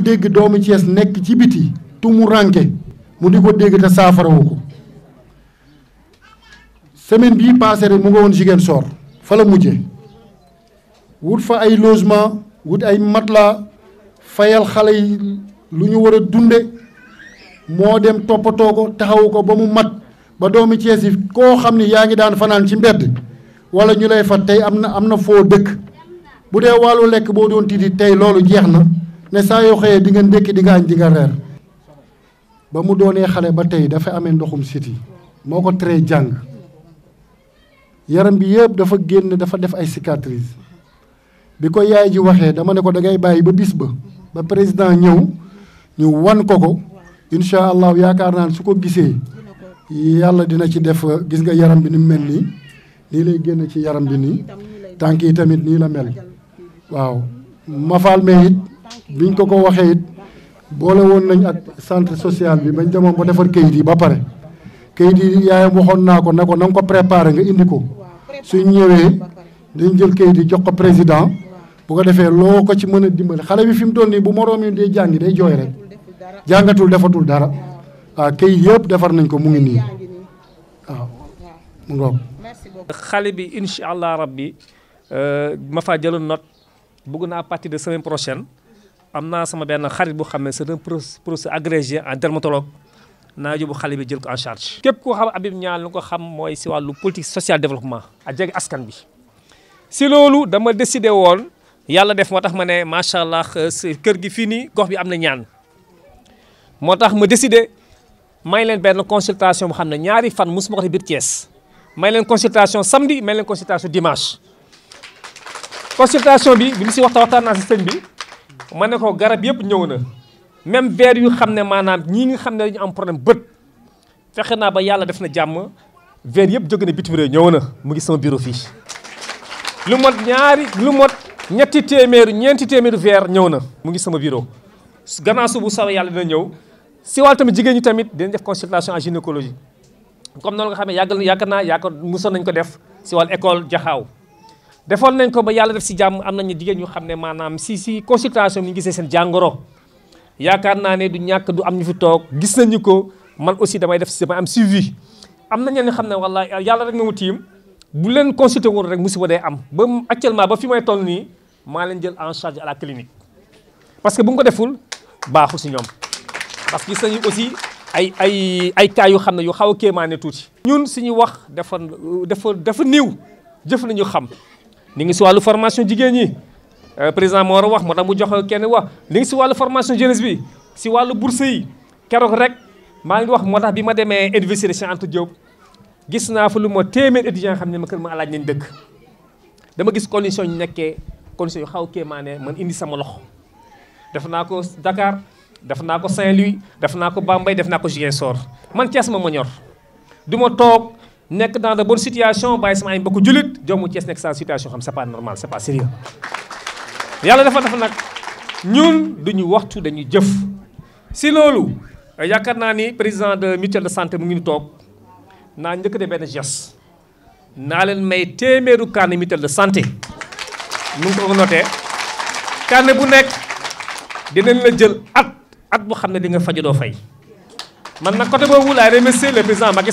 mësul dégg doomu Cees nekk ci biti tumu mu di ko dégg te saafarawu ko semaine bii passé rek mu nga woon Ziguinchor fa la mujje wut fa ay logement wut ay mat laa fayal xale yi lu ñu war a dunde moo dem toppatoo ko taxawu ko ba mu mat ba doomi Cees yi koo xam ne yaa ngi daan fanaan ci mbedd wala ñu lay fa tey am na am na foo dëkk bu dee wàllu lekk boo doon tiiti tey loolu jeex na ne sa yo xey di nga ndékki di nga di nga reer ba mu doone xale ba tey dafa amé ndoxum city moko tré jang yaram bi yëpp dafa génn dafa def ay cicatrices biko yaay ji waxé dama ne ko da ngay ba bis ba ba président ñew ñu wan ko ko incha allahu naan suko gisé yalla dina ci def gis nga yaram bi ni melni ni lay génn ci yaram bi ni tanki tamit ni la mel waaw mafaal me biñ ko ko waxee it boole woon nañ ak centre social bi bañ demoon ba defar kayit yi ba pare kayit yi yaayam waxoon naa ko ne ko na nga ko préparé nga indi ko suñ ñëwee dañ jël kayit yi jox ko président bu ko defee loo ko ci mën a dimbale xale bi fi mu doon nii bu moroom yi dee jàngi day jooy rek jàngatul defatul dara waaw kayit yëpp defar nañ ko mu ngi nii waaw mu ngoog xale bi incha allah rabbi euh, ma faa jëloon note bugg naa à partir de semaine prochaine am naa sama benn xarit bu xam ne c'est un professeur agrégé en dermatologue naa yóbbu xale bi jël ko en charge. képp koo xam Habib Niang lu ko xam mooy si wàllu politique sociale développement a jege askan bi si loolu dama décidé woon yàlla def moo tax ma ne macha allah kër gi fii nii gox bi am na ñaan moo tax ma décidé may leen benn consultation bu xam ne ñaari fan mosuma ko def biir Thiès may leen consultation sambi may leen consultation dimanche consultation ma ne ko garab yëpp ñëw na même verre yu xam ne maanaam ñii nga xam ne dañu am problème bët fexe naa ba yàlla def na jàmm verre yëpp jóge na bitim réew ñëw na mu ngi sama bureau fii. lu mot ñaari lu mot ñetti téeméeru ñeenti téeméeru verre ñëw na mu ngi sama bureau gannaaw su bu soobee yàlla dina ñëw si wàll tamit jigéen ñi tamit dinañ def consultation en gynécologie comme noonu nga xam ne yàgg na yàgg naa yàgg mosoon nañ ko def si wàll école jaxaaw defoon nañ ko ba yàlla def si jàmm am nañu jigéen ñu xam ne maanaam si si consultation bi ñu gisee seen jàngoro yaakaar naa ne du ñàkk du am ñu fi toog gis nañu ko man aussi damay def si damay am suivi na ñenn xam ne wallaahi yàlla rek ma mu tiim bu leen consulté woon rek musiba day am ba actuellement ba fi may toll nii maa leen jël en charge à la clinique parce que bu ñu ko deful baaxul si ñoom parce que gis nañu aussi ay ay ay kaa yu xam ne yu xaw a kéemaane tuuti. ñun suñu wax dafa dafa dafa néew jëf nañu xam. ni ngi ci walu formation jigen ñi eh, président moo war a wax motam bu kenn wax li ngi ci walu formation jeunesse bi ci walu bourse yi kérok rek ma ngi wax motax bima démé université Cheikh Anta Diop gis na fa lu mo téeméer étudiant xamné ma kër ma alaaj nañ dëkk dama gis condition ñu nekké condition yu xaw mané man indi sama lox def na ko Dakar def na ko Saint-Louis def na ko Bambay def na ko Sor man ñor duma tok nekk dans de bonnes situations bàyyi sama ay mbokku jullit joomu Cees nekk sans situation xam c'est pas normal c'est pas sérieux yàlla dafa dafa nag ñun duñu waxtu dañu jëf si loolu yaakaar naa ni président de mutuelle de santé mu ngi ñu toog naa njëkk de benn geste naa leen may téeméeru carnet mutuelle de santé nu ngi ko noté carnet bu nekk dinañ la jël at at bu xam ne di nga faju doo fay man nag côté boobu laay remercier le président Macky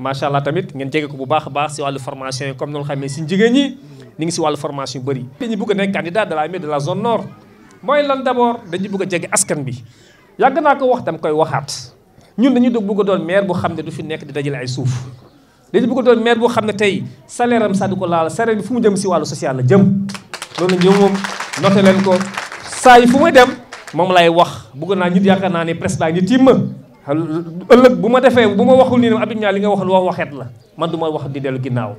macha tamit ngeen jégué ko bu baax baax ci walu formation comme nul xamé ci jigéñ ñi ni ngi ci walu formation bari bëri. dañu bëgg nek candidat de la mairie de la zone nord moy lan d'abord dañu bëgg jégué askan bi yag na ko wax tam koy waxat ñun dañu bëgg doon maire bu xamné du fi nek di dajale ay souf dañu bëgg doon maire bu xamné tay tey salaire am saa du ko laal salaire bi fu mu jëm ci walu social la jëm loolu la mom noté len ko say fu mu dem mom lay wax bëgg na ñu yaakaar na né président ñi ngi ëllëg bu ma defee bu ma waxul nii ne Habib Niang li nga wax loo waxeet la man du ma wax di dellu ginnaaw.